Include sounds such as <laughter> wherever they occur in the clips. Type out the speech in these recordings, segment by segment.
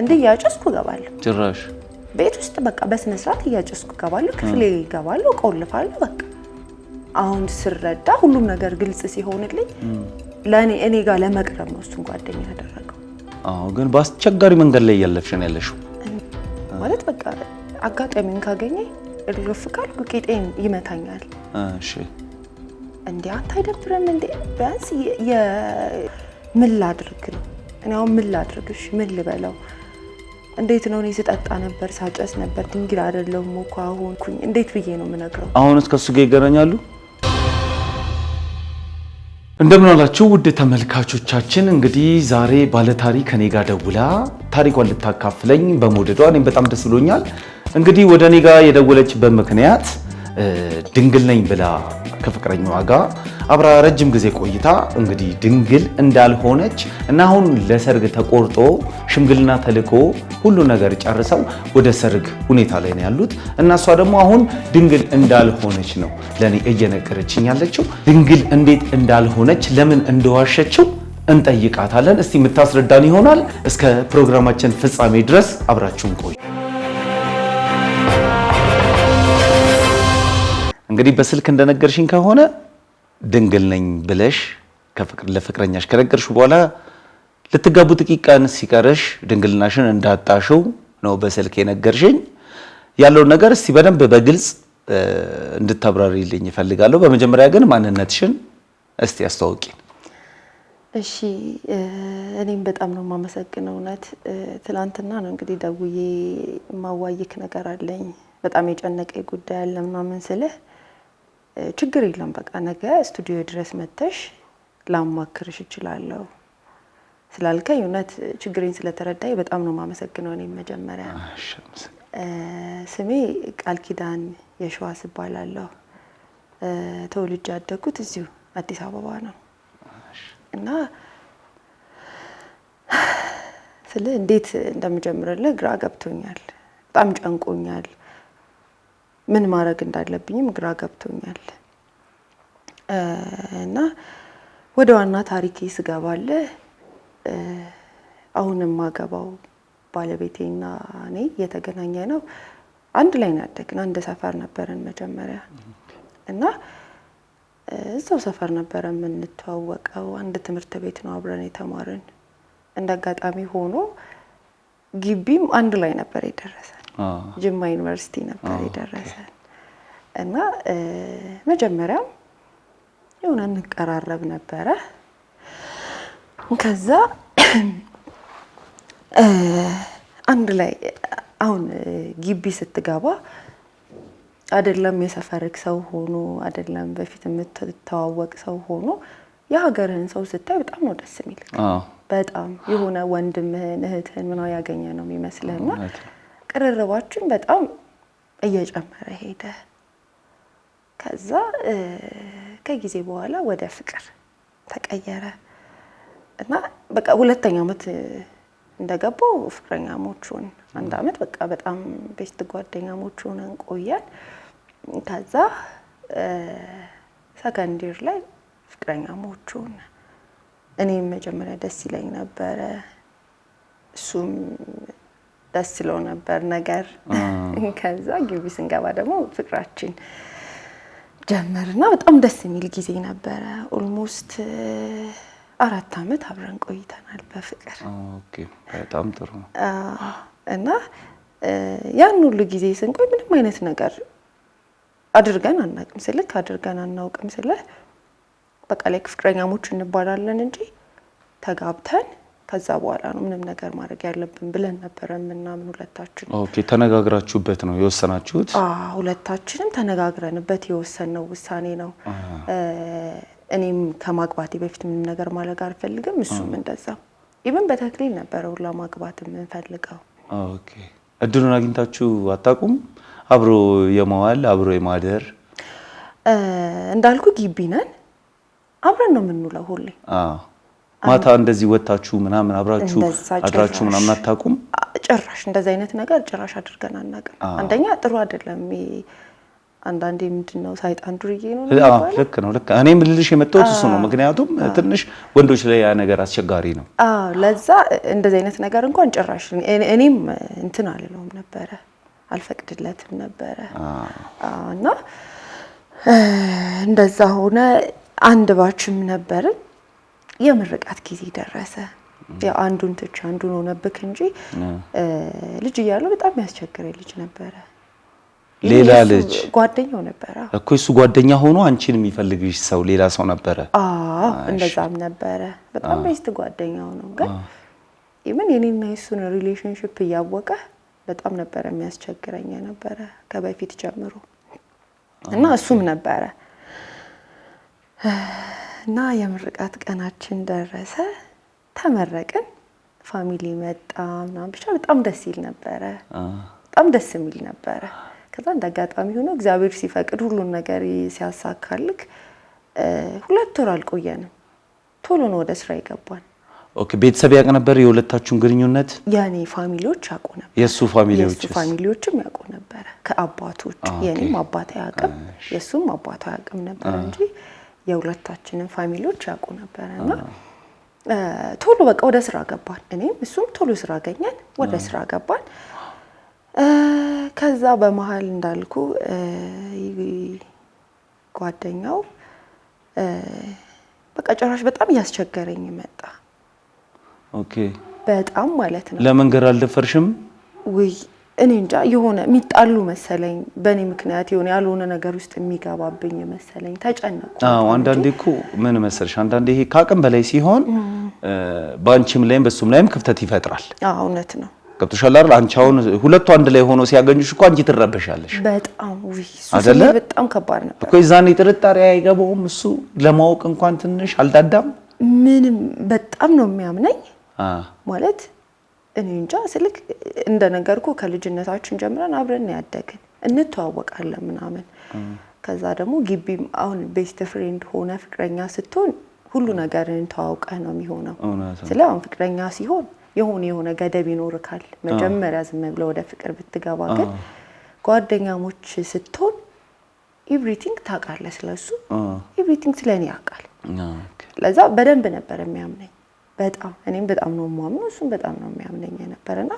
እንደ እያጨስኩ እገባለሁ። ጭራሽ ቤት ውስጥ በቃ በስነ ስርዓት እያጨስኩ እገባለሁ። ክፍሌ እገባለሁ፣ እቆልፋለሁ። በቃ አሁን ስረዳ ሁሉም ነገር ግልጽ ሲሆንልኝ ለእኔ እኔ ጋር ለመቅረብ ነው እሱን ጓደኛ ያደረገው። አዎ፣ ግን በአስቸጋሪ መንገድ ላይ እያለፍሽ ነው ያለሽው ማለት በቃ አጋጣሚውን ካገኘ እልፍ ካልኩ ቂጤን ይመታኛል። እሺ እንዴ አታይደብርም እንዴ? ቢያንስ ምን ላድርግ ነው እኔ አሁን ምን ላድርግሽ? ምን ልበለው? እንዴት ነው? እኔ ስጠጣ ነበር፣ ሳጨስ ነበር፣ ድንግል አይደለሁም እኮ ኩኝ እንዴት ብዬ ነው የምነግረው? አሁንስ ከሱ ጋር ይገናኛሉ። እንደምን አላችሁ ውድ ተመልካቾቻችን፣ እንግዲህ ዛሬ ባለታሪክ እኔ ጋር ደውላ ታሪኳን ልታካፍለኝ በመውደዷ እኔም በጣም ደስ ብሎኛል። እንግዲህ ወደ እኔ ጋር የደወለችበት ምክንያት ድንግል ነኝ ብላ ከፍቅረኛዋ ጋር አብራ ረጅም ጊዜ ቆይታ እንግዲህ ድንግል እንዳልሆነች እና አሁን ለሰርግ ተቆርጦ ሽምግልና ተልኮ ሁሉ ነገር ጨርሰው ወደ ሰርግ ሁኔታ ላይ ነው ያሉት እና እሷ ደግሞ አሁን ድንግል እንዳልሆነች ነው ለእኔ እየነገረችኝ ያለችው። ድንግል እንዴት እንዳልሆነች ለምን እንደዋሸችው እንጠይቃታለን። እስቲ የምታስረዳን ይሆናል። እስከ ፕሮግራማችን ፍጻሜ ድረስ አብራችሁን ቆዩ። እንግዲህ በስልክ እንደነገርሽኝ ከሆነ ድንግል ነኝ ብለሽ ለፍቅረኛሽ ከነገርሽ በኋላ ልትጋቡ ጥቂት ቀን ሲቀረሽ ድንግልናሽን እንዳጣሽው ነው በስልክ የነገርሽኝ። ያለውን ነገር እስቲ በደንብ በግልጽ እንድታብራሪልኝ እፈልጋለሁ። በመጀመሪያ ግን ማንነትሽን እስቲ አስተዋውቂን። እሺ፣ እኔም በጣም ነው የማመሰግነው። እውነት ትላንትና ነው እንግዲህ ደውዬ ማዋይክ ነገር አለኝ በጣም የጨነቀ ጉዳይ አለ ምናምን ስልህ ችግር የለም በቃ ነገ ስቱዲዮ ድረስ መተሽ ላማክርሽ እችላለሁ ስላልከኝ እውነት ችግሬን ስለተረዳኝ በጣም ነው የማመሰግነው። እኔም መጀመሪያ ስሜ ቃል ኪዳን የሸዋስ እባላለሁ። ተወልጄ ያደግኩት እዚሁ አዲስ አበባ ነው እና ስለ እንዴት እንደምጀምርልህ ግራ ገብቶኛል። በጣም ጨንቆኛል። ምን ማድረግ እንዳለብኝም ግራ ገብቶኛል እና ወደ ዋና ታሪኬ ስገባለ አሁንም ማገባው ባለቤቴና እኔ እየተገናኘ ነው። አንድ ላይ ነው ያደግን። አንድ ሰፈር ነበረን መጀመሪያ እና እዛው ሰፈር ነበረ የምንተዋወቀው። አንድ ትምህርት ቤት ነው አብረን የተማርን። እንደ አጋጣሚ ሆኖ ግቢም አንድ ላይ ነበር የደረሰ ጅማ ዩኒቨርሲቲ ነበር የደረሰ እና መጀመሪያም የሆነ እንቀራረብ ነበረ። ከዛ አንድ ላይ አሁን ግቢ ስትገባ አይደለም የሰፈርክ ሰው ሆኖ አይደለም በፊት የምትተዋወቅ ሰው ሆኖ የሀገርህን ሰው ስታይ በጣም ነው ደስ የሚልክ። በጣም የሆነ ወንድምህን እህትህን ምናምን ያገኘ ነው የሚመስልህና ቅርርባችን በጣም እየጨመረ ሄደ። ከዛ ከጊዜ በኋላ ወደ ፍቅር ተቀየረ እና በቃ ሁለተኛ ዓመት እንደገባው ፍቅረኛሞች ሆን አንድ ዓመት በቃ በጣም ቤስት ጓደኛሞች ሆነን ቆያል። ከዛ ሰከንዲር ላይ ፍቅረኛሞች እኔም መጀመሪያ ደስ ይለኝ ነበረ እሱም ደስ ስለው ነበር ነገር። ከዛ ግቢ ስንገባ ደግሞ ፍቅራችን ና በጣም ደስ የሚል ጊዜ ነበረ። ኦልሞስት አራት አመት አብረን ቆይተናል በፍቅር። በጣም ጥሩ እና ያን ሁሉ ጊዜ ስንቆይ ምንም አይነት ነገር አድርገን አናውቅም ስልክ አድርገን አናውቅም ስለ በቃ ላይ ፍቅረኛሞች እንባላለን እንጂ ተጋብተን ከዛ በኋላ ነው ምንም ነገር ማድረግ ያለብን ብለን ነበረ ምናምን ሁለታችን። ኦኬ ተነጋግራችሁበት ነው የወሰናችሁት? ሁለታችንም ተነጋግረንበት የወሰንነው ውሳኔ ነው። እኔም ከማግባቴ በፊት ምንም ነገር ማድረግ አልፈልግም፣ እሱም እንደዛ። ኢቭን በተክሊል ነበረ ሁላ ማግባት የምንፈልገው። ኦኬ እድሉን አግኝታችሁ አታውቁም? አብሮ የመዋል አብሮ የማደር እንዳልኩ ግቢ ነን፣ አብረን ነው የምንውለው ሁሌ ማታ እንደዚህ ወታችሁ ምናምን አብራችሁ አድራችሁ ምናምን አታውቁም? ጭራሽ እንደዚህ አይነት ነገር ጭራሽ አድርገን አናውቅም። አንደኛ ጥሩ አይደለም። አንዳንዴ ምንድን ነው ሳይጣን ዱርዬ ነው። ልክ ነው፣ ልክ እኔ ልልሽ የመጣሁት እሱ ነው። ምክንያቱም ትንሽ ወንዶች ላይ ያ ነገር አስቸጋሪ ነው። ለዛ እንደዚህ አይነት ነገር እንኳን ጭራሽ እኔም እንትን አልለውም ነበረ፣ አልፈቅድለትም ነበረ እና እንደዛ ሆነ። አንድ ባችም ነበርን የምርቃት ጊዜ ደረሰ። ያው አንዱን ትች አንዱን ሆነብክ እንጂ ልጅ እያለው በጣም ያስቸግረ ልጅ ነበረ። ሌላ ልጅ ጓደኛው ነበረ እኮ እሱ ጓደኛ ሆኖ አንቺን የሚፈልግሽ ሰው ሌላ ሰው ነበረ። እንደዛም ነበረ። በጣም ቤስት ጓደኛው ነው። ግን ምን የኔና የሱን ሪሌሽንሽፕ እያወቀ በጣም ነበረ የሚያስቸግረኝ ነበረ ከበፊት ጀምሮ እና እሱም ነበረ እና የምርቃት ቀናችን ደረሰ። ተመረቅን፣ ፋሚሊ መጣ ምናምን፣ ብቻ በጣም ደስ ይል ነበረ። በጣም ደስ የሚል ነበረ። ከዛ እንደ አጋጣሚ ሆኖ እግዚአብሔር ሲፈቅድ ሁሉን ነገር ሲያሳካልክ ሁለት ወር አልቆየንም፣ ቶሎ ነው ወደ ስራ ይገባል። ቤተሰብ ያውቅ ነበር የሁለታችሁን ግንኙነት? የኔ ፋሚሊዎች ያውቁ ነበር፣ ፋሚሊዎችም ያውቁ ነበረ። ከአባቶች የኔም አባት አያውቅም፣ የሱም አባት አያውቅም ነበር እንጂ የሁለታችንን ፋሚሊዎች ያውቁ ነበረ እና ቶሎ በቃ ወደ ስራ ገባን። እኔም እሱም ቶሎ ስራ አገኘን፣ ወደ ስራ ገባን። ከዛ በመሀል እንዳልኩ ጓደኛው በቃ ጭራሽ በጣም እያስቸገረኝ መጣ። ኦኬ በጣም ማለት ነው። ለመንገር አልደፈርሽም? ውይ እኔ እንጃ የሆነ የሚጣሉ መሰለኝ። በእኔ ምክንያት የሆነ ያልሆነ ነገር ውስጥ የሚገባብኝ መሰለኝ። ተጨነቁ። አንዳንዴ እኮ ምን መሰለሽ፣ አንዳንዴ ይሄ ከአቅም በላይ ሲሆን በአንቺም ላይም በሱም ላይም ክፍተት ይፈጥራል። እውነት ነው። ገብቶሻል አይደል? አንቺ አሁን ሁለቱ አንድ ላይ ሆኖ ሲያገኙሽ እኮ አንቺ ትረበሻለሽ በጣም አይደለ? በጣም ከባድ ነበር እኮ የዛኔ ጥርጣሬ አይገባውም እሱ። ለማወቅ እንኳን ትንሽ አልዳዳም ምንም። በጣም ነው የሚያምነኝ ማለት እኔ እንጃ ስልክ እንደነገርኩ ከልጅነታችን ጀምረን አብረን ያደግን እንተዋወቃለን ምናምን። ከዛ ደግሞ ግቢ አሁን ቤስት ፍሬንድ ሆነ ፍቅረኛ ስትሆን ሁሉ ነገርን ተዋውቀህ ነው የሚሆነው። ስለ አሁን ፍቅረኛ ሲሆን የሆነ የሆነ ገደብ ይኖርካል መጀመሪያ ዝም ብለ ወደ ፍቅር ብትገባ፣ ግን ጓደኛሞች ስትሆን ኤቭሪቲንግ ታውቃለህ ስለሱ፣ ኤቭሪቲንግ ስለኔ ያውቃል። ለዛ በደንብ ነበር የሚያምነኝ በጣም እኔም በጣም ነው የማምነው፣ እሱም በጣም ነው የሚያምነኝ የነበረና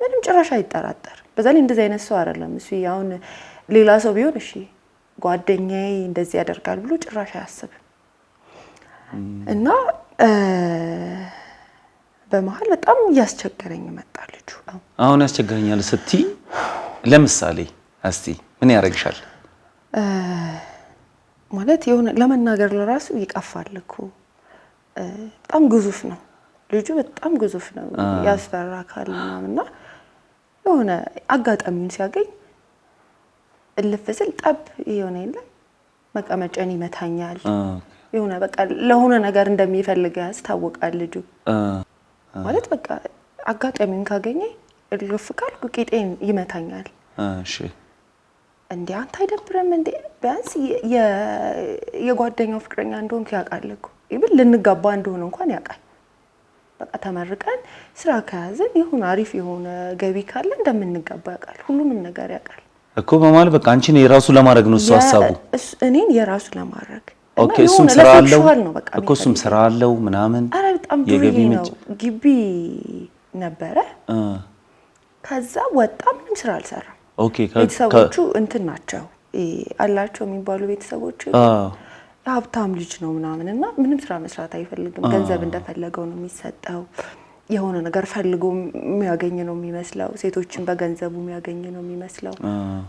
ምንም ጭራሽ አይጠራጠር። በዛ ላይ እንደዚህ አይነት ሰው አይደለም እሱ። አሁን ሌላ ሰው ቢሆን እሺ ጓደኛዬ እንደዚህ ያደርጋል ብሎ ጭራሽ አያስብም። እና በመሀል በጣም እያስቸገረኝ መጣ ልጁ። አሁን ያስቸግረኛል ስቲ ለምሳሌ እስቲ ምን ያደርግሻል ማለት የሆነ ለመናገር ለራሱ ይቀፋል እኮ በጣም ግዙፍ ነው ልጁ፣ በጣም ግዙፍ ነው፣ ያስፈራ አካል ምናምንና የሆነ አጋጣሚውን ሲያገኝ እልፍ ስል ጠብ የሆነ የለም መቀመጫን ይመታኛል። የሆነ በቃ ለሆነ ነገር እንደሚፈልግ ያስታውቃል ልጁ ማለት በቃ አጋጣሚውን ካገኘ እልፍ ካልኩ ቂጤን ይመታኛል። እንዲህ አንተ አይደብርም እንዴ? ቢያንስ የጓደኛው ፍቅረኛ እንደሆንኩ ያውቃል እኮ ኢቭን ልንጋባ እንደሆነ እንኳን ያውቃል። በቃ ተመርቀን ስራ ከያዝን ይሁን አሪፍ የሆነ ገቢ ካለ እንደምንጋባ ያውቃል። ሁሉንም ነገር ያውቃል እኮ በማለት በቃ አንቺን የራሱ ለማድረግ ነው እሱ ሀሳቡ፣ እኔን የራሱ ለማድረግ ኦኬ። እሱም ስራ አለው እኮ እሱም ስራ አለው ምናምን። አረ በጣም ዱርዬ ነው። ግቢ ነበረ፣ ከዛ ወጣ፣ ምንም ስራ አልሰራም። ቤተሰቦቹ እንትን ናቸው አላቸው የሚባሉ ቤተሰቦች ሀብታም ልጅ ነው ምናምን እና ምንም ስራ መስራት አይፈልግም። ገንዘብ እንደፈለገው ነው የሚሰጠው። የሆነ ነገር ፈልጎ የሚያገኝ ነው የሚመስለው። ሴቶችን በገንዘቡ የሚያገኝ ነው የሚመስለው።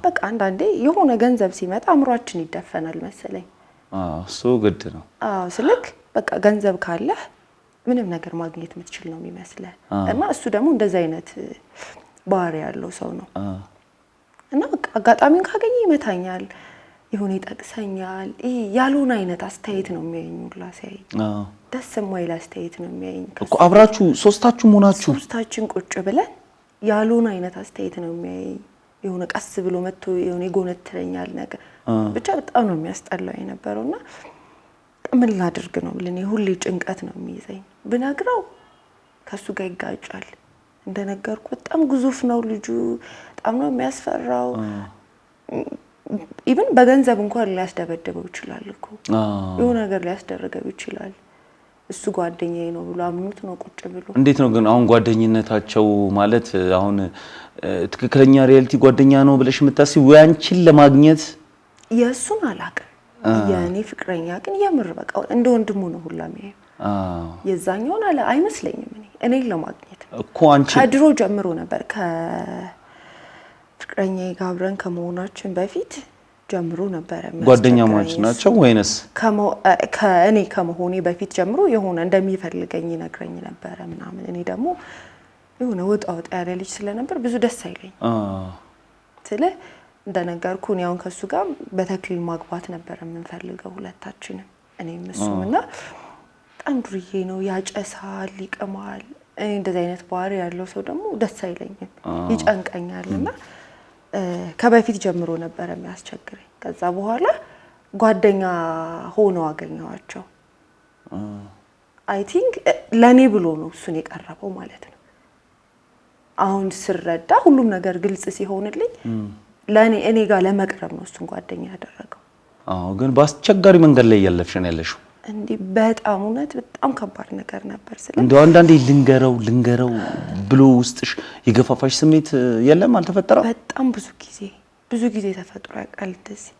በቃ አንዳንዴ የሆነ ገንዘብ ሲመጣ አእምሯችን ይደፈናል መሰለኝ። እሱ ግድ ነው ስልክ በቃ ገንዘብ ካለህ ምንም ነገር ማግኘት የምትችል ነው የሚመስለ እና እሱ ደግሞ እንደዚ አይነት ባህሪ ያለው ሰው ነው እና በቃ አጋጣሚን ካገኘ ይመታኛል የሆነ ይጠቅሰኛል። ይሄ ያልሆነ አይነት አስተያየት ነው የሚያየኝ ሁላ ሲያየኝ ደስ የማይል አስተያየት ነው የሚያየኝ። አብራችሁ ሶስታችሁ መሆናችሁ ሶስታችን ቁጭ ብለን ያልሆነ አይነት አስተያየት ነው የሚያየኝ። የሆነ ቀስ ብሎ መጥቶ የሆነ ይጎነትለኛል ነገር ብቻ በጣም ነው የሚያስጠላው የነበረው እና ምን ላድርግ ነው ብል ሁሌ ጭንቀት ነው የሚይዘኝ። ብነግረው ከእሱ ጋር ይጋጫል። እንደነገርኩ በጣም ግዙፍ ነው ልጁ፣ በጣም ነው የሚያስፈራው ኢቭን በገንዘብ እንኳን ሊያስደበደበው ይችላል እኮ የሆነ ነገር ሊያስደረገው ይችላል። እሱ ጓደኛዬ ነው ብሎ አምኑት ነው ቁጭ ብሎ። እንዴት ነው ግን አሁን ጓደኝነታቸው ማለት አሁን ትክክለኛ ሪያሊቲ ጓደኛ ነው ብለሽ የምታስቢው ወይ አንቺን ለማግኘት የእሱን አላውቅም። የእኔ ፍቅረኛ ግን የምር በቃ እንደ ወንድሙ ነው ሁላም የሚያየው። የዛኛውን አለ አይመስለኝም። እኔ እኔን ለማግኘት እኮ አንቺ ከድሮ ጀምሮ ነበር ፍቅረኛ ጋር አብረን ከመሆናችን በፊት ጀምሮ ነበረ። ማች ናቸው ወይንስ ከእኔ ከመሆኔ በፊት ጀምሮ የሆነ እንደሚፈልገኝ ይነግረኝ ነበረ ምናምን። እኔ ደግሞ የሆነ ወጣ ወጣ ያለ ልጅ ስለነበር ብዙ ደስ አይለኝ ስለ እንደነገርኩ እኔ አሁን ከእሱ ጋር በተክሊል ማግባት ነበር የምንፈልገው ሁለታችንም፣ እኔም እሱም እና በጣም ዱርዬ ነው፣ ያጨሳል፣ ይቅማል። እኔ እንደዚህ አይነት ባህሪ ያለው ሰው ደግሞ ደስ አይለኝም፣ ይጨንቀኛል እና ከበፊት ጀምሮ ነበረ የሚያስቸግረኝ። ከዛ በኋላ ጓደኛ ሆነው አገኘዋቸው። አይ ቲንክ ለእኔ ብሎ ነው እሱን የቀረበው ማለት ነው። አሁን ስረዳ ሁሉም ነገር ግልጽ ሲሆንልኝ ለእኔ እኔ ጋር ለመቅረብ ነው እሱን ጓደኛ ያደረገው። ግን በአስቸጋሪ መንገድ ላይ እያለፍሽ ነው ያለሽው እንዲ በጣም እውነት በጣም ከባድ ነገር ነበር። ስለ እንደው አንዳንዴ ልንገረው ልንገረው ብሎ ውስጥሽ የገፋፋሽ ስሜት የለም አልተፈጠረም? በጣም ብዙ ጊዜ ብዙ ጊዜ ተፈጥሮ ያውቃል እንደዚህ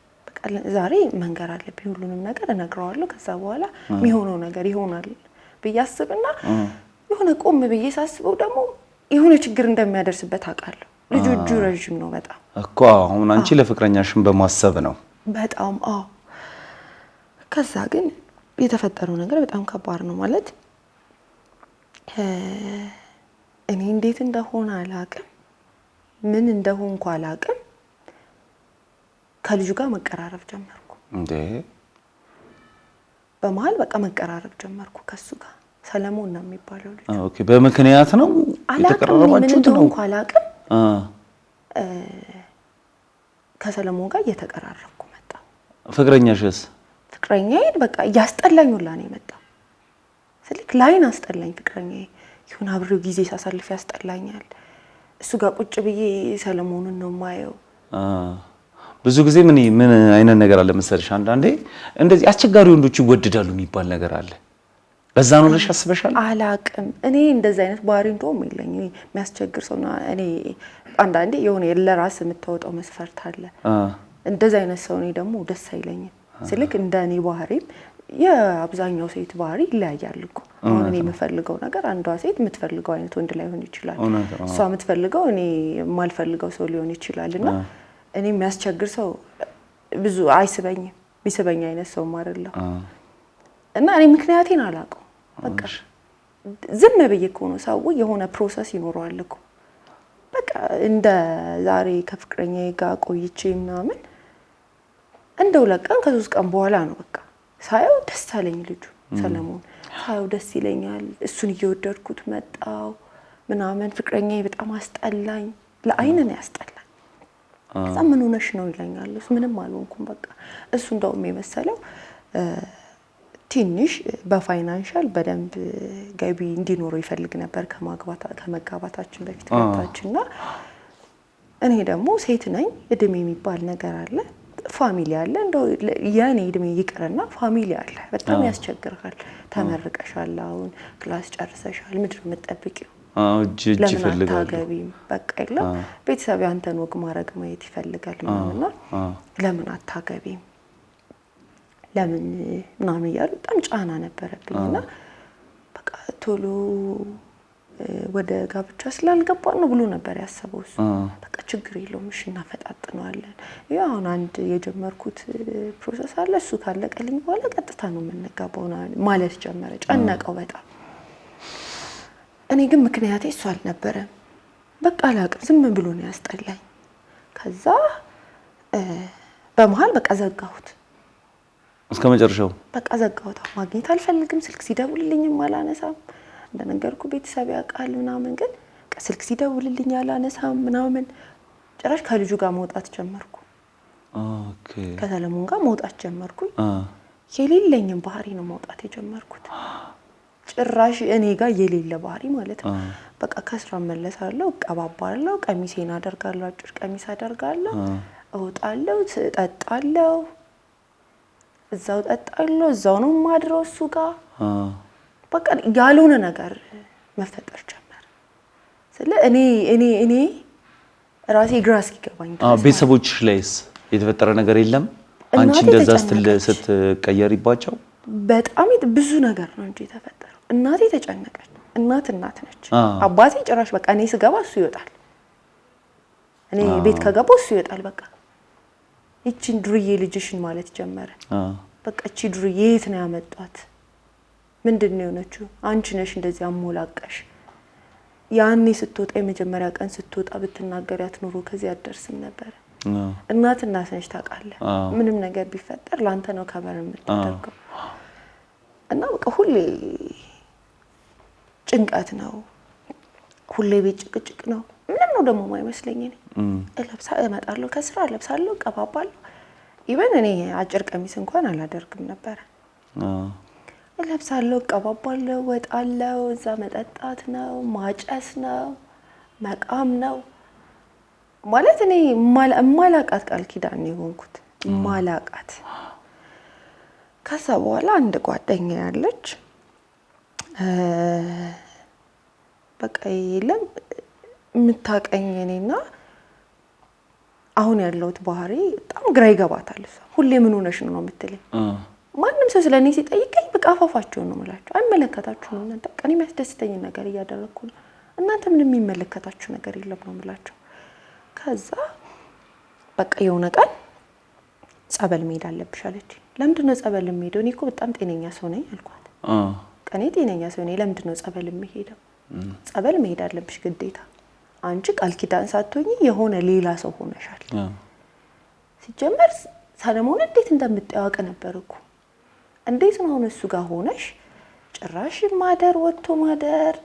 ዛሬ መንገር አለብኝ ሁሉንም ነገር እነግረዋለሁ፣ ከዛ በኋላ የሚሆነው ነገር ይሆናል ብዬ አስብና የሆነ ቆም ብዬ ሳስበው ደግሞ የሆነ ችግር እንደሚያደርስበት አውቃለሁ። ልጁ እጁ ረዥም ነው በጣም እኮ። አሁን አንቺ ለፍቅረኛሽን በማሰብ ነው በጣም አዎ። ከዛ ግን የተፈጠረው ነገር በጣም ከባድ ነው ማለት እኔ እንዴት እንደሆነ አላቅም፣ ምን እንደሆንኩ አላቅም። ከልጁ ጋር መቀራረብ ጀመርኩ። በመሀል በቃ መቀራረብ ጀመርኩ ከሱ ጋር። ሰለሞን ነው የሚባለው ልጅ። ኦኬ በምክንያት ነው የተቀራረባችሁት? ነው እንኳ አላቅም። ከሰለሞን ጋር እየተቀራረብኩ መጣ። ፍቅረኛሽስ ፍቅረኛዬን በቃ እያስጠላኝ ሁላ ነው የመጣ ስልክ ላይን አስጠላኝ። ፍቅረኛዬ ይሁን አብሬው ጊዜ ሳሳልፍ ያስጠላኛል። እሱ ጋር ቁጭ ብዬ ሰለሞኑን ነው ማየው። ብዙ ጊዜ ምን ምን አይነት ነገር አለ መሰለሽ፣ አንዳንዴ እንደዚህ አስቸጋሪ ወንዶች ይወደዳሉ የሚባል ነገር አለ። በዛ ነው ልሽ አስበሻል? አላቅም እኔ እንደዚህ አይነት ባህሪ እንደውም የለኝ የሚያስቸግር ሰው እኔ አንዳንዴ የሆነ ለራስ የምታወጣው መስፈርት አለ። እንደዚህ አይነት ሰው እኔ ደግሞ ደስ አይለኝም። ስልክ እንደ እኔ ባህሪም የአብዛኛው ሴት ባህሪ ይለያያል እኮ። አሁን እኔ የምፈልገው ነገር አንዷ ሴት የምትፈልገው አይነት ወንድ ላይሆን ይችላል። እሷ የምትፈልገው እኔ የማልፈልገው ሰው ሊሆን ይችላል። እና እኔ የሚያስቸግር ሰው ብዙ አይስበኝም። የሚስበኝ አይነት ሰውም አይደለም። እና እኔ ምክንያቴን አላውቀው። በቃ ዝም ብዬ ከሆነ ሰው የሆነ ፕሮሰስ ይኖረዋል እኮ በቃ እንደ ዛሬ ከፍቅረኛ ጋር ቆይቼ ምናምን እንደው ለቀን ከሶስት ቀን በኋላ ነው በቃ ሳየው ደስ አለኝ። ልጁ ሰለሞን ሳየው ደስ ይለኛል። እሱን እየወደድኩት መጣው ምናምን ፍቅረኛ በጣም አስጠላኝ። ለአይን ነው ያስጠላኝ። ከዛ ምን ሆነሽ ነው ይለኛል። እሱ ምንም አልሆንኩም በቃ እሱ እንደውም የመሰለው ትንሽ በፋይናንሻል በደንብ ገቢ እንዲኖረው ይፈልግ ነበር ከመጋባታችን በፊት ጋታችንና እኔ ደግሞ ሴት ነኝ እድሜ የሚባል ነገር አለ ፋሚሊ አለ እንደው የኔ እድሜ ይቅርና ፋሚሊ አለ። በጣም ያስቸግርሃል። ተመርቀሻል፣ አሁን ክላስ ጨርሰሻል። ምንድን ነው የምትጠብቂው? ለምን አታገቢም? በቃ የለም ቤተሰብ ያንተን ወግ ማድረግ ማየት ይፈልጋል ምናምና ለምን አታገቢም ለምን ምናምን እያሉ በጣም ጫና ነበረብኝና በቃ ቶሎ ወደ ጋብቻ ስላልገባ ነው ብሎ ነበር ያሰበው እሱ። በቃ ችግር የለውም እሺ፣ እናፈጣጥነዋለን። ያው አሁን አንድ የጀመርኩት ፕሮሰስ አለ። እሱ ካለቀልኝ በኋላ ቀጥታ ነው የምንጋባው ማለት ጀመረ። ጨነቀው በጣም። እኔ ግን ምክንያቴ እሱ አልነበረም። በቃ አላቅም፣ ዝም ብሎ ነው ያስጠላኝ። ከዛ በመሀል በቃ ዘጋሁት እስከ መጨረሻው። በቃ ዘጋሁት። ማግኘት አልፈልግም። ስልክ ሲደውልልኝም አላነሳም። እንደነገርኩ ቤተሰብ ያውቃል ምናምን፣ ግን ስልክ ሲደውልልኝ አላነሳም ምናምን። ጭራሽ ከልጁ ጋር መውጣት ጀመርኩ፣ ከሰለሞን ጋር መውጣት ጀመርኩኝ። የሌለኝም ባህሪ ነው መውጣት የጀመርኩት ጭራሽ እኔ ጋር የሌለ ባህሪ ማለት ነው። በቃ ከስራ መለሳለሁ፣ እቀባባለሁ፣ ቀሚሴን አደርጋለሁ፣ አጭር ቀሚስ አደርጋለሁ፣ እወጣለሁ፣ እጠጣለሁ፣ እዛው እጠጣለሁ፣ እዛው ነው ማድረው እሱ ጋር በቃ ያልሆነ ነገር መፈጠር ጀመር ስለ እኔ እኔ እኔ ራሴ ግራ እስኪገባኝ ቤተሰቦችሽ ላይስ የተፈጠረ ነገር የለም? አንቺ እንደዛ ስትቀየሪባቸው በጣም ብዙ ነገር ነው እንጂ የተፈጠረው። እናቴ ተጨነቀች። እናት እናት ነች። አባቴ ጭራሽ በቃ እኔ ስገባ እሱ ይወጣል። እኔ ቤት ከገባው እሱ ይወጣል። በቃ ይቺን ዱርዬ ልጅሽን ማለት ጀመረ። በቃ እቺ ዱርዬ የት ነው ያመጧት? ምንድን ነው የሆነችው? አንቺ ነሽ እንደዚህ አሞላቀሽ። ያኔ ስትወጣ የመጀመሪያ ቀን ስትወጣ ብትናገሪያት ኑሮ ከዚህ አደርስም ነበረ። እናት እናት ነች፣ ታውቃለህ። ምንም ነገር ቢፈጠር ለአንተ ነው ከበር የምታደርገው። እና በቃ ሁሌ ጭንቀት ነው፣ ሁሌ ቤት ጭቅጭቅ ነው። ምንም ነው ደግሞ ማይመስለኝ እኔ እለብሳ እመጣለሁ፣ ከስራ እለብሳለሁ፣ እቀባባለሁ። ኢቨን እኔ አጭር ቀሚስ እንኳን አላደርግም ነበረ እለብሳለሁ፣ እቀባባለሁ፣ ወጣለሁ። እዛ መጠጣት ነው፣ ማጨስ ነው፣ መቃም ነው። ማለት እኔ እማላቃት ቃል ኪዳን የሆንኩት እማላቃት። ከዛ በኋላ አንድ ጓደኛ ያለች በቃ የለም የምታቀኝ እኔና አሁን ያለሁት ባህሪ በጣም ግራ ይገባታል። ሁሌ ምን ሆነሽ ነው ነው የምትለኝ ማንም ሰው ስለ እኔ ሲጠይቀኝ በቃ አፋፋቸውን ነው የምላቸው። አይመለከታችሁ ነው እናንተ፣ በቃ እኔ ነገር እያደረግኩ ነው፣ እናንተ ምንም የሚመለከታችሁ ነገር የለም ነው የምላቸው። ከዛ በቃ የሆነ ቀን ጸበል መሄድ አለብሽ አለች። ለምንድን ነው ጸበል የምሄደው? እኔ እኮ በጣም ጤነኛ ሰው ነኝ አልኳት። ቀኔ ጤነኛ ሰው ነኝ፣ ለምንድን ነው ጸበል የምሄደው? ጸበል መሄድ አለብሽ ግዴታ። አንቺ ቃል ኪዳን ሳትሆኝ የሆነ ሌላ ሰው ሆነሻል። ሲጀመር ሰለሞን እንዴት እንደምትጠዋወቅ ነበር እኮ እንዴት ነው አሁን እሱ ጋር ሆነሽ ጭራሽ ማደር ወጥቶ ማደር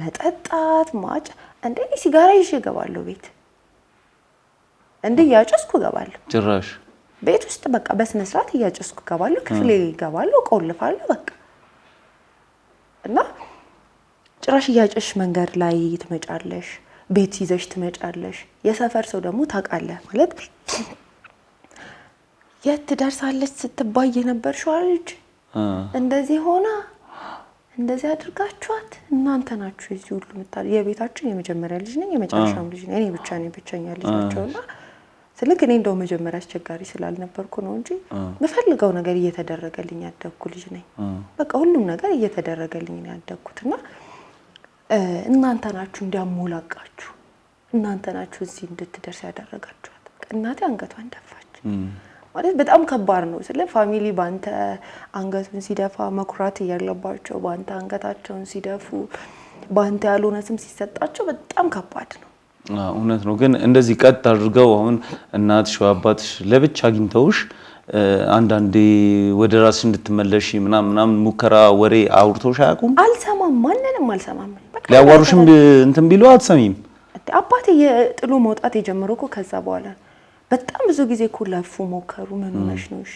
መጠጣት ማጭ እንዴ ሲጋራ ይዤ እገባለሁ ቤት እንዴ እያጨስኩ እገባለሁ ጭራሽ ቤት ውስጥ በቃ በስነ ስርዓት እያጨስኩ እገባለሁ ክፍሌ እገባለሁ ቆልፋለሁ በቃ እና ጭራሽ እያጨሽ መንገድ ላይ ትመጫለሽ ቤት ይዘሽ ትመጫለሽ የሰፈር ሰው ደግሞ ታውቃለህ ማለት የት ትደርሳለች ስትባይ የነበርሽው ልጅ እንደዚህ ሆና እንደዚህ አድርጋችኋት እናንተ ናችሁ የዚህ ሁሉ ምታ የቤታችን የመጀመሪያ ልጅ ነኝ፣ የመጨረሻም ልጅ ነኝ። እኔ ብቻ ነኝ ብቸኛ ልጅ ናቸውና ስልክ እኔ እንደው መጀመሪያ አስቸጋሪ ስላልነበርኩ ነው እንጂ የምፈልገው ነገር እየተደረገልኝ ያደግኩ ልጅ ነኝ። በቃ ሁሉም ነገር እየተደረገልኝ ነው እና እናንተ ናችሁ እንዲያሞላቃችሁ፣ እናንተ ናችሁ እዚህ እንድትደርስ ያደረጋችኋት። እናቴ አንገቷን ደፋች። ማለት በጣም ከባድ ነው። ስለ ፋሚሊ በአንተ አንገቱን ሲደፋ መኩራት እያለባቸው በአንተ አንገታቸውን ሲደፉ በአንተ ያልሆነ ስም ሲሰጣቸው በጣም ከባድ ነው። እውነት ነው። ግን እንደዚህ ቀጥ አድርገው አሁን እናትሽ አባትሽ ለብቻ አግኝተውሽ አንዳንዴ ወደ ራስሽ እንድትመለሽ ምናምን ምናምን ሙከራ ወሬ አውርቶሽ አያውቁም? አልሰማም፣ ማንንም አልሰማም። ሊያዋሩሽም እንትን ቢሉ አትሰሚም? አባቴ የጥሎ መውጣት የጀመረው እኮ ከዛ በኋላ ነው በጣም ብዙ ጊዜ እኮ ላፉ ሞከሩ። ምን ሆነሽ ነው? እሺ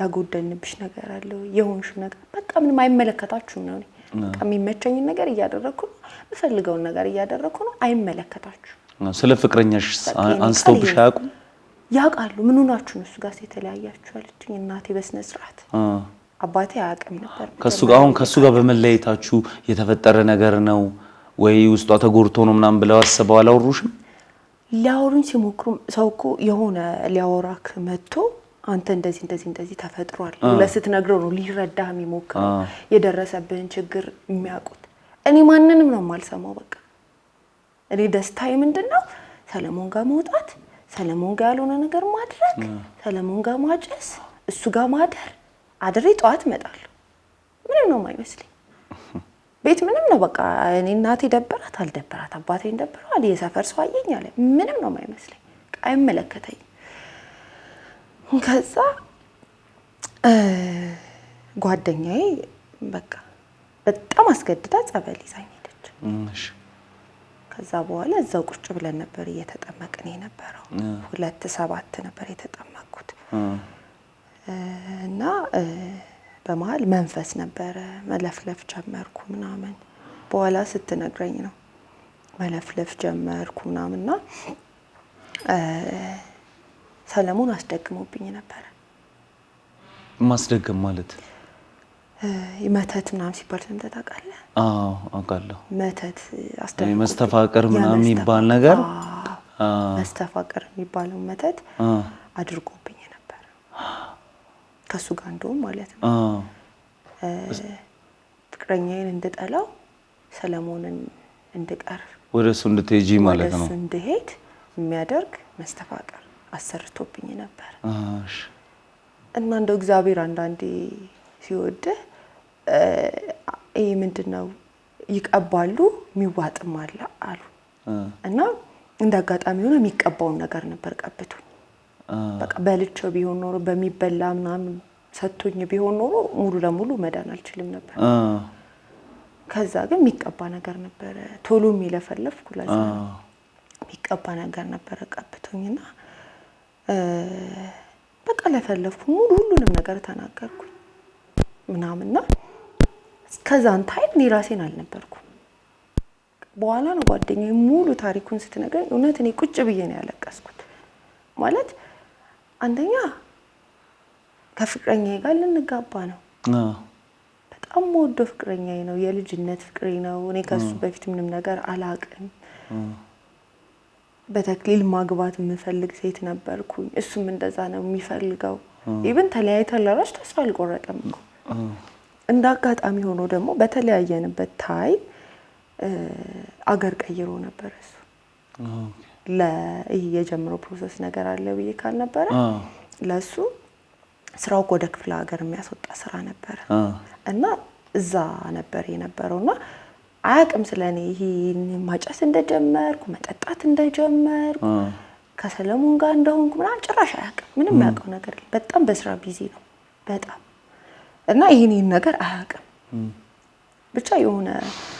ያጎደንብሽ ነገር አለ የሆንሽው ነገር በቃ ምንም አይመለከታችሁም ነው። በቃ የሚመቸኝን ነገር እያደረግኩ ነው፣ የምፈልገውን ነገር እያደረግኩ ነው። አይመለከታችሁ። ስለ ፍቅረኛሽ አንስተውብሽ አያውቁም? ያውቃሉ። ምን ሆናችሁ ነው እሱ ጋር የተለያያችሁ አለችኝ እናቴ በስነ ስርዓት። አባቴ አያውቅም ነበር። ከሱ ጋር አሁን ከሱ ጋር በመለያየታችሁ የተፈጠረ ነገር ነው ወይ ውስጧ ተጎድቶ ነው ምናምን ብለው አስበው አላወሩሽም? ሊያወሩኝ ሲሞክሩ ሰው እኮ የሆነ ሊያወራክ መጥቶ አንተ እንደዚህ እንደዚህ እንደዚህ ተፈጥሯል ብለህ ነው ሊረዳ የሚሞክረው የደረሰብህን ችግር የሚያውቁት። እኔ ማንንም ነው የማልሰማው። በቃ እኔ ደስታዬ ምንድን ነው ሰለሞን ጋር መውጣት፣ ሰለሞን ጋር ያልሆነ ነገር ማድረግ፣ ሰለሞን ጋር ማጨስ፣ እሱ ጋር ማደር። አድሬ ጠዋት እመጣለሁ። ምንም ነው የማይመስለኝ። ቤት ምንም ነው በቃ እኔ እናቴ ደበራት አልደበራት አባቴን ደብረዋል የሰፈር ሰው አየኝ አለ ምንም ነው የማይመስለኝ አይመለከተኝ ከዛ ጓደኛዬ በቃ በጣም አስገድዳ ጸበል ይዛኝ ሄደች ከዛ በኋላ እዛው ቁጭ ብለን ነበር እየተጠመቅን የነበረው ሁለት ሰባት ነበር የተጠመቅኩት እና በመሀል መንፈስ ነበረ። መለፍለፍ ጀመርኩ ምናምን በኋላ ስትነግረኝ ነው መለፍለፍ ጀመርኩ ምናምንና ሰለሞን አስደግሞብኝ ነበረ። ማስደግም ማለት መተት ምናምን ሲባል ሰምተህ ታውቃለህ? አዎ አውቃለሁ። መተት መስተፋቅር ምናምን የሚባል ነገር መስተፋቅር የሚባለው መተት አድርጎብኝ ነበረ። ከእሱ ጋር እንደውም ማለት ነው ፍቅረኛዬን እንድጠላው ሰለሞንን እንድቀርብ ወደ እሱ እንድትሄጂ ማለት ነው፣ እንድሄድ የሚያደርግ መስተፋቀር አሰርቶብኝ ነበር። እና እንደው እግዚአብሔር አንዳንዴ ሲወድህ ይህ ምንድን ነው ይቀባሉ፣ የሚዋጥም አለ አሉ እና እንደ አጋጣሚ ሆነ የሚቀባውን ነገር ነበር ቀብቱ በቃ በልቼው ቢሆን ኖሮ በሚበላ ምናምን ሰጥቶኝ ቢሆን ኖሮ ሙሉ ለሙሉ መዳን አልችልም ነበር። ከዛ ግን የሚቀባ ነገር ነበረ ቶሎ የሚለፈለፍኩ ለዛ የሚቀባ ነገር ነበረ ቀብቶኝና በቃ ለፈለፍኩ ሙሉ ሁሉንም ነገር ተናገርኩኝ ምናምንና እስከዛን ታይም እኔ ራሴን አልነበርኩም። በኋላ ነው ጓደኛ ሙሉ ታሪኩን ስትነግረኝ እውነት እኔ ቁጭ ብዬ ነው ያለቀስኩት ማለት አንደኛ ከፍቅረኛ ጋር ልንጋባ ነው። በጣም ወዶ ፍቅረኛ ነው፣ የልጅነት ፍቅሬ ነው። እኔ ከሱ በፊት ምንም ነገር አላቅም። በተክሊል ማግባት የምፈልግ ሴት ነበርኩኝ። እሱም እንደዛ ነው የሚፈልገው። ኢብን ተለያይተን ለራሱ ተስፋ አልቆረጠም። እንደ አጋጣሚ ሆኖ ደግሞ በተለያየንበት ታይ አገር ቀይሮ ነበር እሱ ይህ የጀምሮ ፕሮሰስ ነገር አለ ብዬ ካልነበረ ለእሱ ስራው ወደ ክፍለ ሀገር የሚያስወጣ ስራ ነበረ እና እዛ ነበር የነበረው እና አያውቅም ስለ እኔ ማጨስ እንደጀመርኩ መጠጣት እንደጀመርኩ ከሰለሞን ጋር እንደሆንኩ ምናምን ጭራሽ አያውቅም። ምንም ያውቀው ነገር የለም። በጣም በስራ ቢዚ ነው በጣም እና ይህን ይህን ነገር አያውቅም። ብቻ የሆነ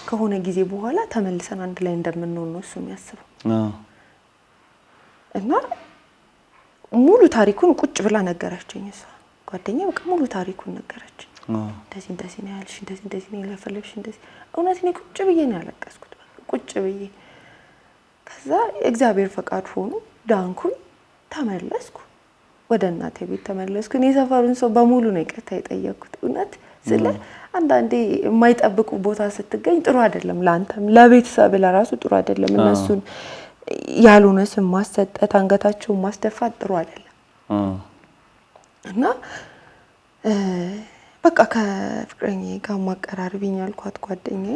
ከሆነ ጊዜ በኋላ ተመልሰን አንድ ላይ እንደምንሆን ነው እሱ የሚያስበው። እና ሙሉ ታሪኩን ቁጭ ብላ ነገረችኝ። እሷ ጓደኛ በቃ ሙሉ ታሪኩን ነገረችኝ። እንደዚህ እንደዚህ ነው ያልሽ፣ እንደዚህ እንደዚህ ነው ያለፈለግሽ፣ እንደዚህ እውነት እኔ ቁጭ ብዬ ነው ያለቀስኩት፣ ቁጭ ብዬ። ከዛ እግዚአብሔር ፈቃድ ሆኑ ዳንኩኝ፣ ተመለስኩ፣ ወደ እናቴ ቤት ተመለስኩ። እኔ የሰፈሩን ሰው በሙሉ ነው ይቅርታ የጠየቅኩት። እውነት ስለ አንዳንዴ የማይጠብቁ ቦታ ስትገኝ ጥሩ አይደለም፣ ለአንተም ለቤተሰብ ለራሱ ጥሩ አይደለም እነሱን ያልሆነ ስም ማሰጠት፣ አንገታቸውን ማስደፋት ጥሩ አይደለም እና በቃ ከፍቅረኛ ጋር ማቀራርብኝ ያልኳት ጓደኛ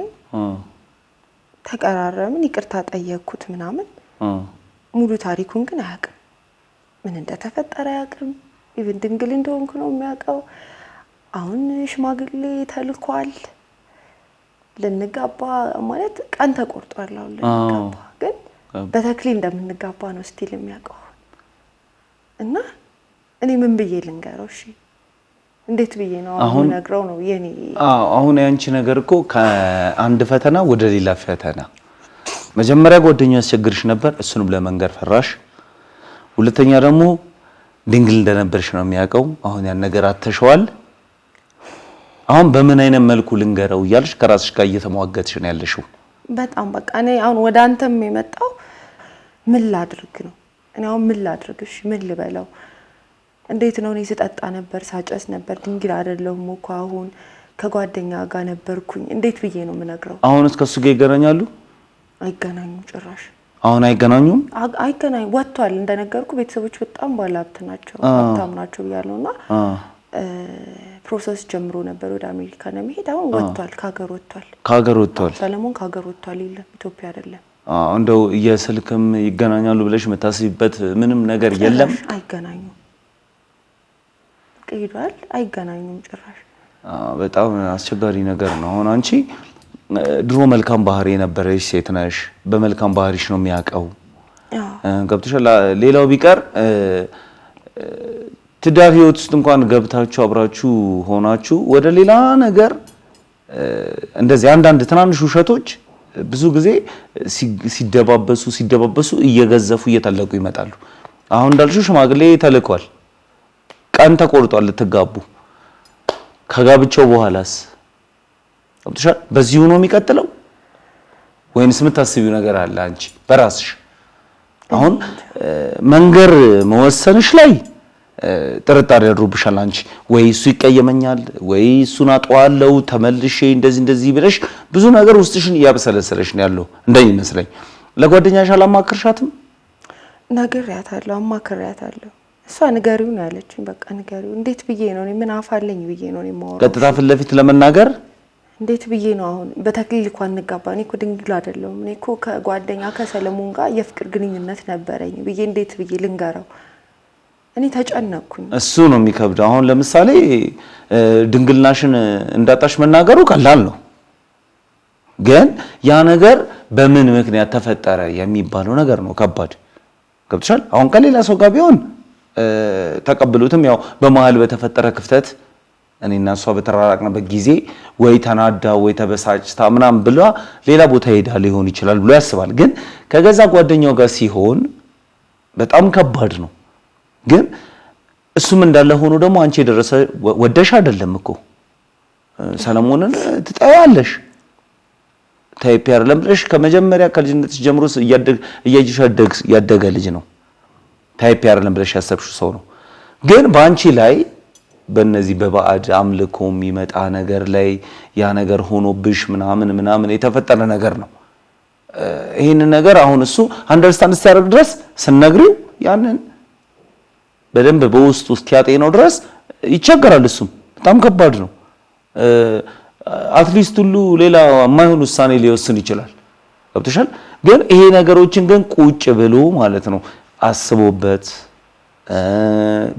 ተቀራረምን፣ ይቅርታ ጠየቅኩት ምናምን። ሙሉ ታሪኩን ግን አያውቅም፣ ምን እንደተፈጠረ አያውቅም። ኢቭን ድንግል እንደሆንኩ ነው የሚያውቀው። አሁን ሽማግሌ ተልኳል ልንጋባ ማለት ቀን ተቆርጧል፣ አሁን ልንጋባ ግን በተክሌ እንደምንጋባ ነው ስቲል የሚያውቀው እና እኔ ምን ብዬ ልንገረው? እሺ እንዴት ብዬ ነው አሁን ነግረው ነው የኔ። አዎ አሁን ያንቺ ነገር እኮ ከአንድ ፈተና ወደ ሌላ ፈተና። መጀመሪያ ጓደኛ ያስቸግርሽ ነበር፣ እሱንም ለመንገር ፈራሽ። ሁለተኛ ደግሞ ድንግል እንደነበርሽ ነው የሚያውቀው። አሁን ያን ነገር አተሸዋል። አሁን በምን አይነት መልኩ ልንገረው እያልሽ ከራስሽ ጋር እየተሟገትሽ ነው ያለሽው። በጣም በቃ እኔ አሁን ወደ አንተም የመጣው ምን ላድርግ ነው እኔ አሁን ምን ላድርግ? እሺ ምን ልበለው? እንዴት ነው? እኔ ስጠጣ ነበር፣ ሳጨስ ነበር። ድንግል አይደለሁም እኮ አሁን ከጓደኛ ጋር ነበርኩኝ። እንዴት ብዬ ነው የምነግረው? አሁንስ ከሱ ጋር ይገናኛሉ? አይገናኙም። ጭራሽ አሁን አይገናኙም፣ አይገናኙም። ወጥቷል። እንደነገርኩ ቤተሰቦች በጣም ባለሀብት ናቸው፣ ሀብታም ናቸው ብያለሁ እና ፕሮሰስ ጀምሮ ነበር ወደ አሜሪካ የሚሄድ። አሁን ወጥቷል፣ ከሀገር ወጥቷል፣ ከሀገር ወጥቷል። ሰለሞን ከሀገር ወጥቷል። የለም ኢትዮጵያ አይደለም እንደው የስልክም ይገናኛሉ ብለሽ የምታስቢበት ምንም ነገር የለም? <laughs> አይገናኙም፣ ሄዷል። አይገናኙም ጭራሽ። በጣም አስቸጋሪ ነገር ነው። አሁን አንቺ ድሮ መልካም ባህሪ የነበረሽ ሴት ነሽ። በመልካም ባህሪሽ ነው የሚያውቀው። ገብቶሻል። ሌላው ቢቀር ትዳር ህይወት ውስጥ እንኳን ገብታችሁ አብራችሁ ሆናችሁ ወደ ሌላ ነገር እንደዚህ አንዳንድ ትናንሽ ውሸቶች ብዙ ጊዜ ሲደባበሱ ሲደባበሱ እየገዘፉ እየተለቁ ይመጣሉ። አሁን እንዳልሹ ሽማግሌ ተልኳል፣ ቀን ተቆርጧል ልትጋቡ። ከጋብቻው በኋላስ ገብቶሻል፣ በዚሁ ነው የሚቀጥለው ወይንስ የምታስቢው ነገር አለ አንቺ በራስሽ አሁን መንገር መወሰንሽ ላይ ጥርጣሬ ያድሮብሻል። አንቺ ወይ እሱ ይቀየመኛል ወይ እሱን አጠዋለሁ ተመልሼ እንደዚህ እንደዚህ ብለሽ ብዙ ነገር ውስጥሽን እያበሰለሰለሽ ነው ያለው እንደሚመስለኝ። ለጓደኛሽ አላማክርሻትም? ነግሬያታለሁ፣ አማክሬያታለሁ። እሷ ንገሪው ነው ያለችኝ። በቃ ንገሪው። እንዴት ብዬ ነው እኔ ምን አፋለኝ ብዬ ነው እኔ የማወራው? ቀጥታ ፊት ለፊት ለመናገር እንዴት ብዬ ነው አሁን? በተክሊል እኮ አንጋባ። እኔ እኮ ድንግል አይደለሁም። እኔ እኮ ከጓደኛ ከሰለሞን ጋር የፍቅር ግንኙነት ነበረኝ ብዬ እንዴት ብዬ ልንገረው? እኔ ተጨነኩኝ እሱ ነው የሚከብደው። አሁን ለምሳሌ ድንግልናሽን እንዳጣሽ መናገሩ ቀላል ነው፣ ግን ያ ነገር በምን ምክንያት ተፈጠረ የሚባለው ነገር ነው ከባድ። ገብቶሻል? አሁን ከሌላ ሰው ጋር ቢሆን ተቀብሉትም፣ ያው በመሀል በተፈጠረ ክፍተት እኔና እሷ በተራራቅንበት ጊዜ ወይ ተናዳ ወይ ተበሳጭታ ምናምን ብላ ሌላ ቦታ ሄዳ ሊሆን ይችላል ብሎ ያስባል። ግን ከገዛ ጓደኛው ጋር ሲሆን በጣም ከባድ ነው። ግን እሱም እንዳለ ሆኖ ደግሞ አንቺ የደረሰ ወደሽ አይደለም እኮ ሰለሞንን ትጠያለሽ ታይፒ አይደለም ብለሽ ከመጀመሪያ ከልጅነትሽ ጀምሮ እያየሽ ያደገ ልጅ ነው። ታይፕ አይደለም ብለሽ ያሰብሽው ሰው ነው። ግን በአንቺ ላይ በእነዚህ በባዕድ አምልኮ የሚመጣ ነገር ላይ ያ ነገር ሆኖብሽ ምናምን ምናምን የተፈጠረ ነገር ነው። ይህንን ነገር አሁን እሱ አንደርስታንድ ሲያደርግ ድረስ ስነግሪው ያንን በደንብ በውስጡ እስኪያጤነው ድረስ ይቸገራል። እሱም በጣም ከባድ ነው። አትሊስት ሁሉ ሌላ የማይሆን ውሳኔ ሊወስን ይችላል። ገብቶሻል። ግን ይሄ ነገሮችን ግን ቁጭ ብሎ ማለት ነው አስቦበት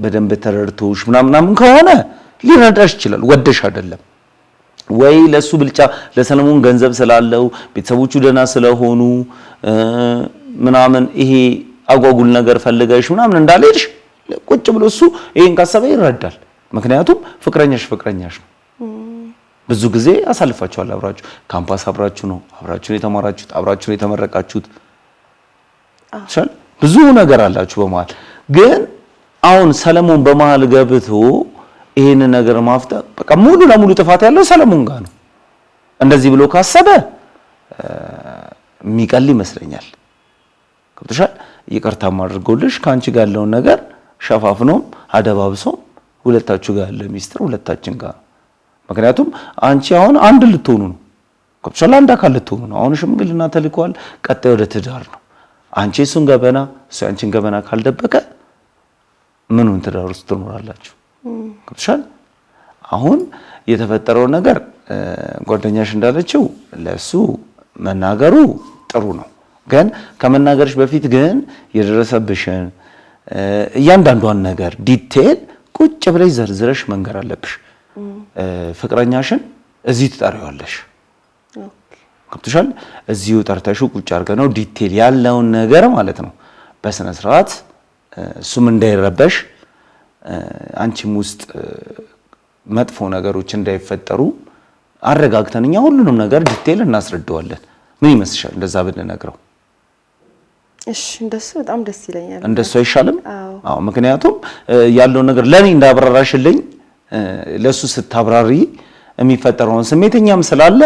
በደንብ ተረድቶሽ ምናምን ምናምን ከሆነ ሊረዳሽ ይችላል። ወደሽ አይደለም ወይ ለሱ ብልጫ ለሰለሞን ገንዘብ ስላለው ቤተሰቦቹ ደህና ስለሆኑ ምናምን ይሄ አጓጉል ነገር ፈልገሽ ምናምን እንዳልሄድሽ ቁጭ ብሎ እሱ ይሄን ካሰበ ይረዳል። ምክንያቱም ፍቅረኛሽ ፍቅረኛሽ ነው። ብዙ ጊዜ አሳልፋችኋል አብራችሁ ካምፓስ አብራችሁ ነው አብራችሁ ነው የተማራችሁት አብራችሁ ነው የተመረቃችሁት። ብዙ ነገር አላችሁ በመሀል ግን አሁን ሰለሞን በመሀል ገብቶ ይህንን ነገር ማፍታ በቃ ሙሉ ለሙሉ ጥፋት ያለው ሰለሞን ጋር ነው። እንደዚህ ብሎ ካሰበ የሚቀል ይመስለኛል። ገብቶሻል። ይቅርታ አድርጎልሽ ከአንቺ ጋር ያለውን ነገር ሸፋፍኖም አደባብሶም ሁለታችሁ ጋር ያለ ሚስጥር ሁለታችን ጋር ምክንያቱም አንቺ አሁን አንድ ልትሆኑ ነው፣ ኮብሻላ አንድ አካል ልትሆኑ ነው። አሁን ሽምግልና ተልከዋል። ቀጣይ ወደ ትዳር ነው። አንቺ እሱን ገበና እሱ አንቺን ገበና ካልደበቀ ምኑን ትዳር ውስጥ ትኖራላችሁ? ገብቶሻል። አሁን የተፈጠረው ነገር ጓደኛሽ እንዳለችው ለሱ መናገሩ ጥሩ ነው፣ ግን ከመናገርሽ በፊት ግን የደረሰብሽን እያንዳንዷን ነገር ዲቴል ቁጭ ብለሽ ዘርዝረሽ መንገር አለብሽ። ፍቅረኛሽን እዚህ ትጠሪዋለሽ። ገብቶሻል? እዚሁ ጠርተሹ ቁጭ አድርገ ነው ዲቴል ያለውን ነገር ማለት ነው በስነ ስርዓት እሱም እንዳይረበሽ አንቺም ውስጥ መጥፎ ነገሮች እንዳይፈጠሩ አረጋግተን እኛ ሁሉንም ነገር ዲቴል እናስረደዋለን ምን ይመስልሻል እንደዛ ብንነግረው? እሺ እንደሱ በጣም ደስ ይለኛል። እንደሱ አይሻልም? አዎ ምክንያቱም ያለውን ነገር ለኔ እንዳብራራሽልኝ ለሱ ስታብራሪ የሚፈጠረውን ስሜተኛም ስላለ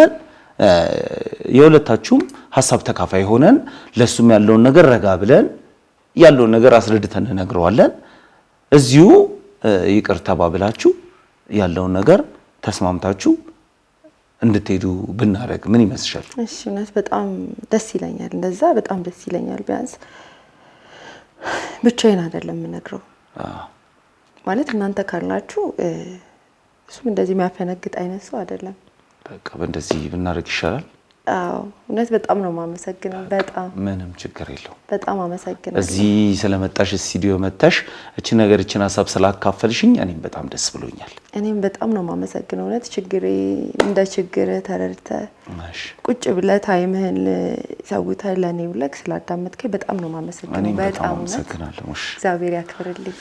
የሁለታችሁም ሀሳብ ተካፋይ ሆነን ለሱም ያለውን ነገር ረጋ ብለን ያለውን ነገር አስረድተን እንነግረዋለን። እዚሁ ይቅር ተባብላችሁ ያለውን ነገር ተስማምታችሁ እንድትሄዱ ብናደረግ ምን ይመስሻል? እሺ እውነት በጣም ደስ ይለኛል። እንደዛ በጣም ደስ ይለኛል። ቢያንስ ብቻዬን አይደለም የምነግረው ማለት እናንተ ካላችሁ እሱም እንደዚህ የሚያፈነግጥ አይነት ሰው አይደለም። በቃ በእንደዚህ ብናደረግ ይሻላል። እውነት በጣም ነው የማመሰግነው። በጣም ምንም ችግር የለውም። በጣም አመሰግናለሁ እዚህ ስለመጣሽ ስቱዲዮ መጥተሽ እቺ ነገር እቺን ሀሳብ ስላካፈልሽኝ እኔም በጣም ደስ ብሎኛል። እኔም በጣም ነው የማመሰግነው። እውነት ችግሬ እንደ ችግር ተረድተ ቁጭ ብለ ታይምህን ሰውተህ ለእኔ ብለክ ስላዳመጥከኝ በጣም ነው የማመሰግነው። በጣም አመሰግናለሁ። እግዚአብሔር ያክብርልኝ።